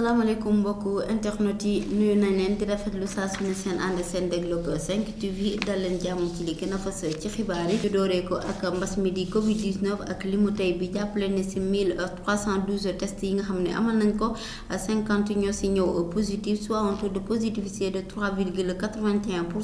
Assalamu mbokku internet yi nuyu nañ leen di rafetlu saa su ne seen ànd seen dégloog 5 TV dal leen jàmm ci li gën a fës ci xibaar yi ñu dooree ko ak mbas Covid 19 ak li mu tey bi jàppale ne si 1312 tests yi nga xam ne amal nañ ko 50 ñoo si ñëw positif soit un taux de positivité de 3,81 virgule pour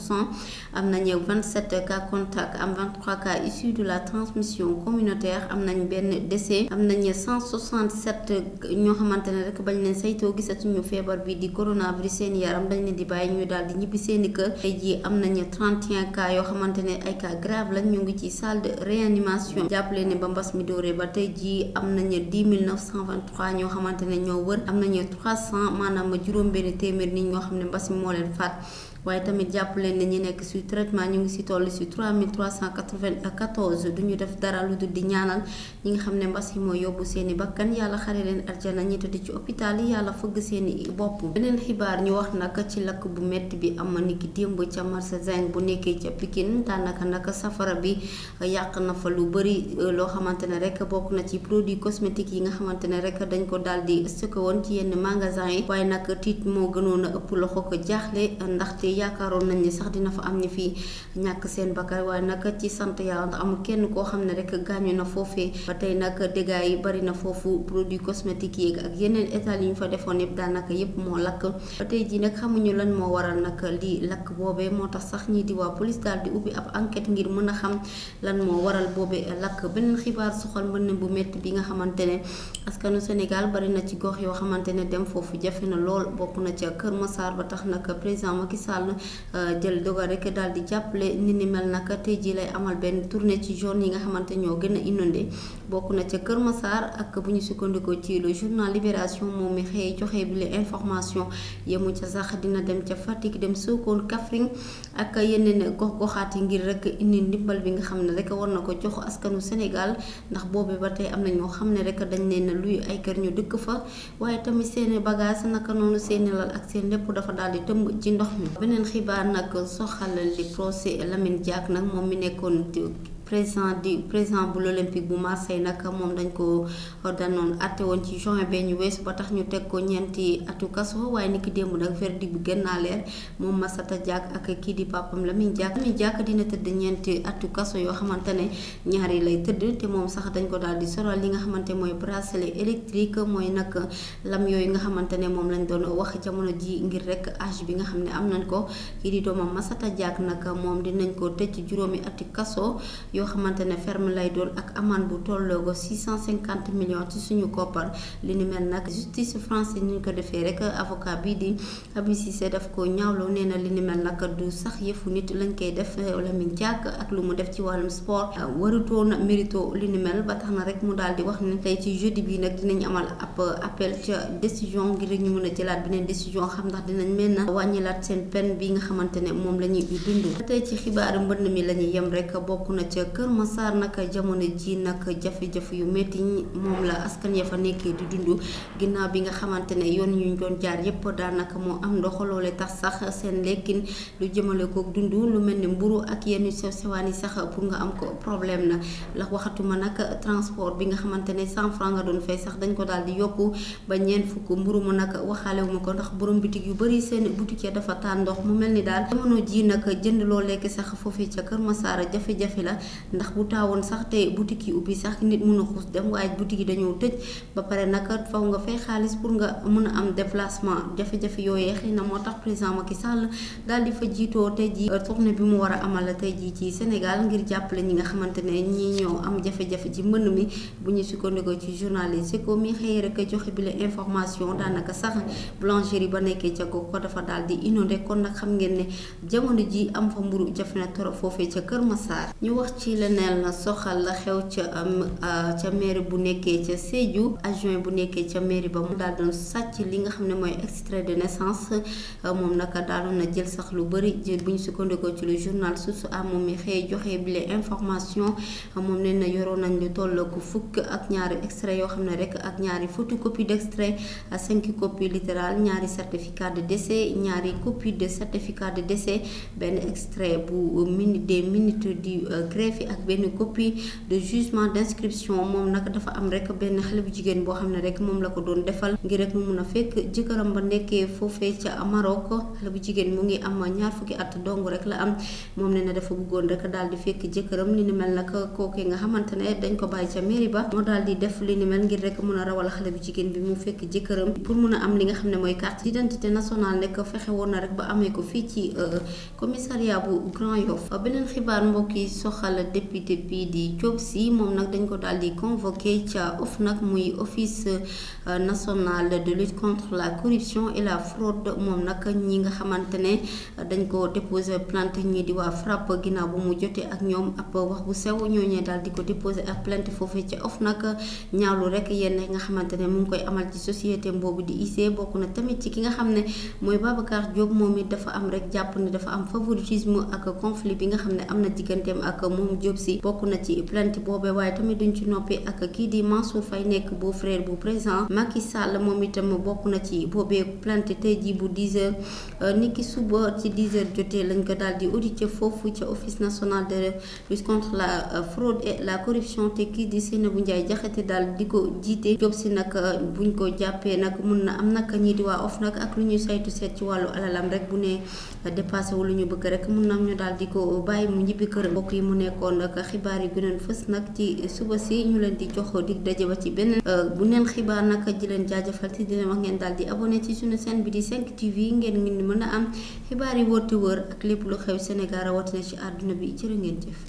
27 cas contacts am 23 cas issus de la transmission communautaire am nañ benn décès am nañu 167 ñoo xamante ne rek bañ leen profito gisatuñu feebar bi di coronavirus seen yaram dañ leen di bàyyi ñu daal di ñibbi seeni kër tey jii am nañu 31 cas yoo xamante ne ay cas grave lañ ñu ngi ci salle de réanimation jàppale ne ba mbas mi dooree ba tey jii am nañu 10 923 ñoo xamante ne ñoo wër am nañu 300 ma juróom-benn téeméer nit ñoo xam ne mbas mi moo leen faat waaye tamit jàpp leen ne ñi nekk suy traitement ñu ngi si toll si 3394 duñu def dara lu dul di ñaanal ñi nga xam ne mbas yi mooy yóbbu seeni bakkan yàlla xare leen arjana ñi tëdd ci hôpital yi yàlla fëgg seeni bopp beneen xibaar ñu wax naka ci lakk bu metti bi am ki démb ca marché zinc bu nekkee ca Pikine daanaka naka safara bi yàq na fa lu bëri euh, loo xamante ne rek bokk na ci produit cosmétique yi nga xamante ne rek dañ ko daal di stocké woon ci yenn magasin yi waaye nag tiit moo gënoon a ëpp loxo ko jaaxle ndaxte yaakaaroon nañ ni sax dina fa am ñi fi ñàkk seen bakkar waaye nag ci sant yàlla ndax amul kenn koo xam ne rek gaañu na foofee ba tey nag dégâts yi bari na foofu produit cosmétique yeeg ak yeneen état yi ñu fa defoon yëpp daanaka yëpp moo lakk ba tey ji nag xamuñu lan moo waral nag li lakk boobee moo tax sax ñii di waa police daal di ubbi ab enquête ngir mën a xam lan moo waral boobee lakk beneen xibaar soxal mën bu métti bi nga xamante ne askanu Sénégal bari na ci gox yoo xamante ne dem foofu jafe na lool bokk na ca Kër Massar ba tax nag président Macky waxtaan euh, jël dogal rek daal di jàppale ni ni mel nag tey jii lay amal benn tournée ci zone yi nga xamante ñoo gën a inondé bokk na ca Kër Massar ak bu ñu sukkandikoo ci le Libération moom mi xëy information yemu ca sax dina dem ca Fatick dem Sokone Kaffrine ak yeneen gox yi ngir rek indi ndimbal bi nga xam ne rek war na ko jox askanu Sénégal ndax boobu ba tey am na ñoo xam ne rek dañ leen luy ay kër ñu dëkk fa waaye tamit seeni bagage naka noonu seeni lal ak seen lépp dafa daal di tëmb ci ndox mi beneen xibaar nag soxal li procès Lamine Diack nag moom mi nekkoon président di président bu l'olympique bu marseille nak mom dañ ko danoon atte won ci juin bee ñu weesu ba tax ñu tek ko ñenti atu kasso way niki demb nak verdict bu genn na leer ma sata jak ak ki di papam min jak min jak dina teud ñenti atu kasso yo xamantene ñaari lay teud te mom sax dañ ko dal di soral li nga xamantene moy bracelet électrique moy nak lam yoy nga xamantene mom lañ doon wax jamono ji ngir rek âge bi nga xamne am nañ ko ki di ma sata jak nak mom dinañ ko tecc juróomi ati kasso yoo xamante ne ferme lay doon ak amende bu tolloo ko 650 millions ci suñu koppar li ni mel nag justice française ni ñu ko defee rek avocat bii di Habib Cissé daf ko ñaawloo nee na li ni mel nag du sax yëfu nit lañ koy def Lamine Diack ak lu mu def ci wàllum sport warutoon mérito li ni mel ba tax na rek mu daal di wax ne tey ci jeudi bi nag dinañ amal ab appel ca décision ngir ñu mën a jëlaat beneen décision xam ndax dinañ mel na wàññilaat seen peine bi nga xamante ne moom la ñuy dund tey ci xibaaru mbënd mi la ñuy yem rek bokk kër sar naka jamono ji naka jafé jafé yu metti mom la askan ya fa nekké di dundu ginnaw bi nga xamantene ne yoon ñu doon jaar yépp naka mo am ndox lolé tax sax sen lekin lu jëmele ko dundu lu melni mburu ak yenn sew sewani sax pour nga am ko problème na la waxatuma naka transport bi nga xamantene 100 francs nga doon fay sax dañ ko daal di yokku ba ñeen fukk mburu mo naka waxale wu mako ndax borom bitig yu bari sen boutique ya dafa tan ndox mu melni dal jamono ji naka jënd lolé ke sax kër jafé jafé la ndax bu taawoon sax te boutique yi ubbi sax nit mun a xuus dem waaye boutique yi dañoo tëj ba pare naka faw nga fay xaalis pour nga mun a am déplacement jafe-jafe xëy na moo tax président Macky Sall daal di jiitoo tey jii tournée euh, bi mu war a amal tey jii ci Sénégal ngir jàppale ñi nga xamante ne ñii ñoo am jafe-jafe ci mbënn mi bu ñu sukkandikoo ci journaliste ko mi xëy rek joxe bi la information daanaka sax boulangerie ba nekkee ca ko dafa daal di inondé kon nag xam ngeen ne jamono ji am fa mburu jafe na trop foofee ca Kër Massar ñu ci na soxal la xew ca bu ca adjoint bu ba li nga extrait de naissance moom naka daaloon jël sax lu le journal Source A mi xëy joxe informations. information moom nee na yoroon nañ lu fukk ak copies ñaari certificat de décès ñaari copie de certificat de décès benn extrait des minutes du euh, greffe greffier ak benn copie de jugement d'inscription moom nag dafa am rek benn xale bu jigéen boo xam ne rek moom la ko doon defal ngir rek mu mun a fekk jëkkëram ba nekkee foofee ca Maroc xale mu ngi am ñaar fukki at dong rek la am moom ne na dafa bëggoon rek daal di fekk jëkkëram li ni mel nag kooke nga xamante ne dañ ko bàyyi ca mairie ba moo daal di def li ni mel ngir rek mun a rawal xale bu jigéen bi mu fekk jëkkëram pour mun a am li nga xam ne mooy carte d'identité nationale nekk fexe woon na rek ba amee ko fii ci euh, commissariat bu Grand Yoff beneen xibaar mbokk yi député bi di Diop si moom nag dañ ko daal di convoqué ca OFNAC muy office euh, national de lutte contre la corruption et la fraude moom nag ñi nga xamante ne euh, dañ ko déposé plainte di waa FRAPP ginnaaw bu mu jotee ak ñoom ab wax bu sew ñooñee daal di ko déposé ak plainte foofu ca OFNAC ñaawlu rek yenn nga xamante ne mu ngi koy amal ci société boobu di IC bokk na tamit ci ki nga xam ne mooy Babacar Diop moom it dafa am rek jàpp ne dafa am favoritisme ak conflit bi nga xam ne am na digganteem ak moom Oumou Diop Sy bokk na ci plainte boobee waaye tamit duñ ci noppi ak kii di Mansour Faye nekk beau frère bu président Macky Sall moom itam bokk na ci boobee plainte tey jii bu 10 heures euh, niki suba ci 10 heures jotee lañ ko daal di audité foofu ca office national de lutte la euh, fraude la corruption te kii di Seynabou Ndiaye jaxate daal di ko jiite Diop Sy nag euh, buñ ko jàppee nag mun na am nag ñii di waa OFNAC ak lu ñuy saytu seet ci wàllu alalam rek bu ne dépassé lu ñu bëgg rek mun na am ñu nekkoon ak xibaar yi gënoon fës nag ci suba si ñu leen di jox dig daje ba ci beneen euh, bu neen xibaar nag ji leen jaajëfal si dina wax ngeen daal di abonné ci suñu chaîne bi di 5 TV ngeen ngeen mën a am xibaar yi wóor te wóor ak lépp lu xew Sénégal rawatina ci àdduna bi jërë ngeen jëf.